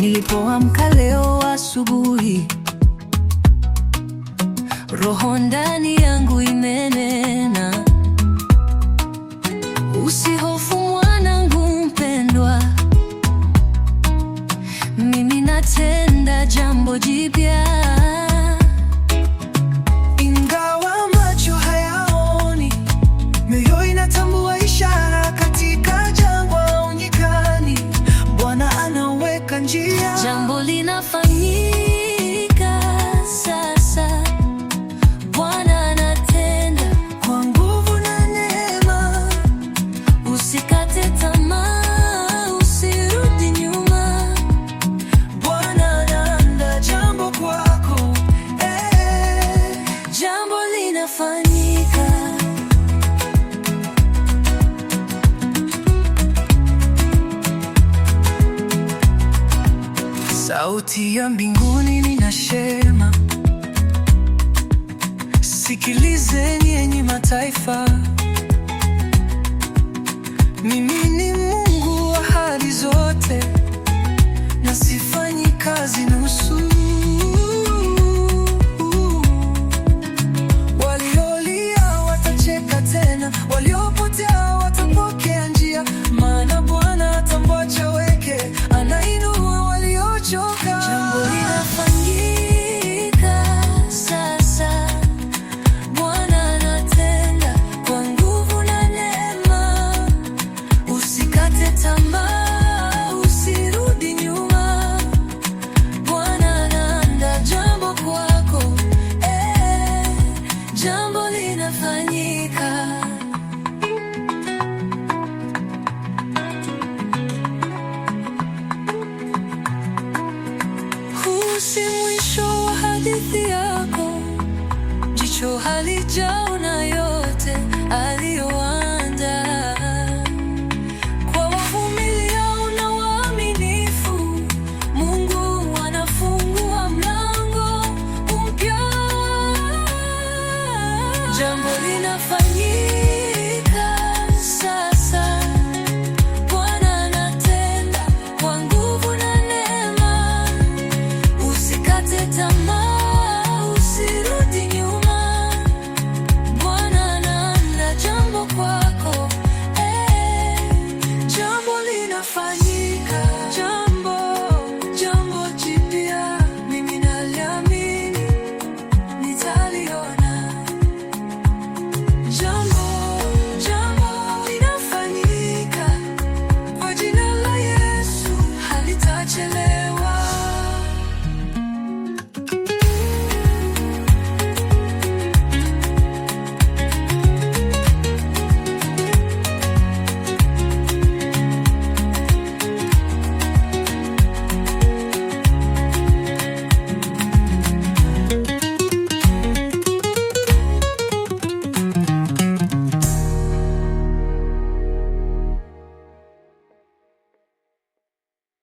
Nilipoamka leo asubuhi, roho ndani yangu imenena, usihofu mwanangu mpendwa, mimi natenda jambo jipya. Ingawa macho hayaoni, mioyo inatambua ishara on you. sauti ya mbinguni ninasema, sikilizeni enyi mataifa, mimi Huu si mwisho wa hadithi yako, jicho halijaona yote aliyoanda Kwa wavumiliao na waaminifu, Mungu anafungua mlango mpya, jambo linafanyika. find.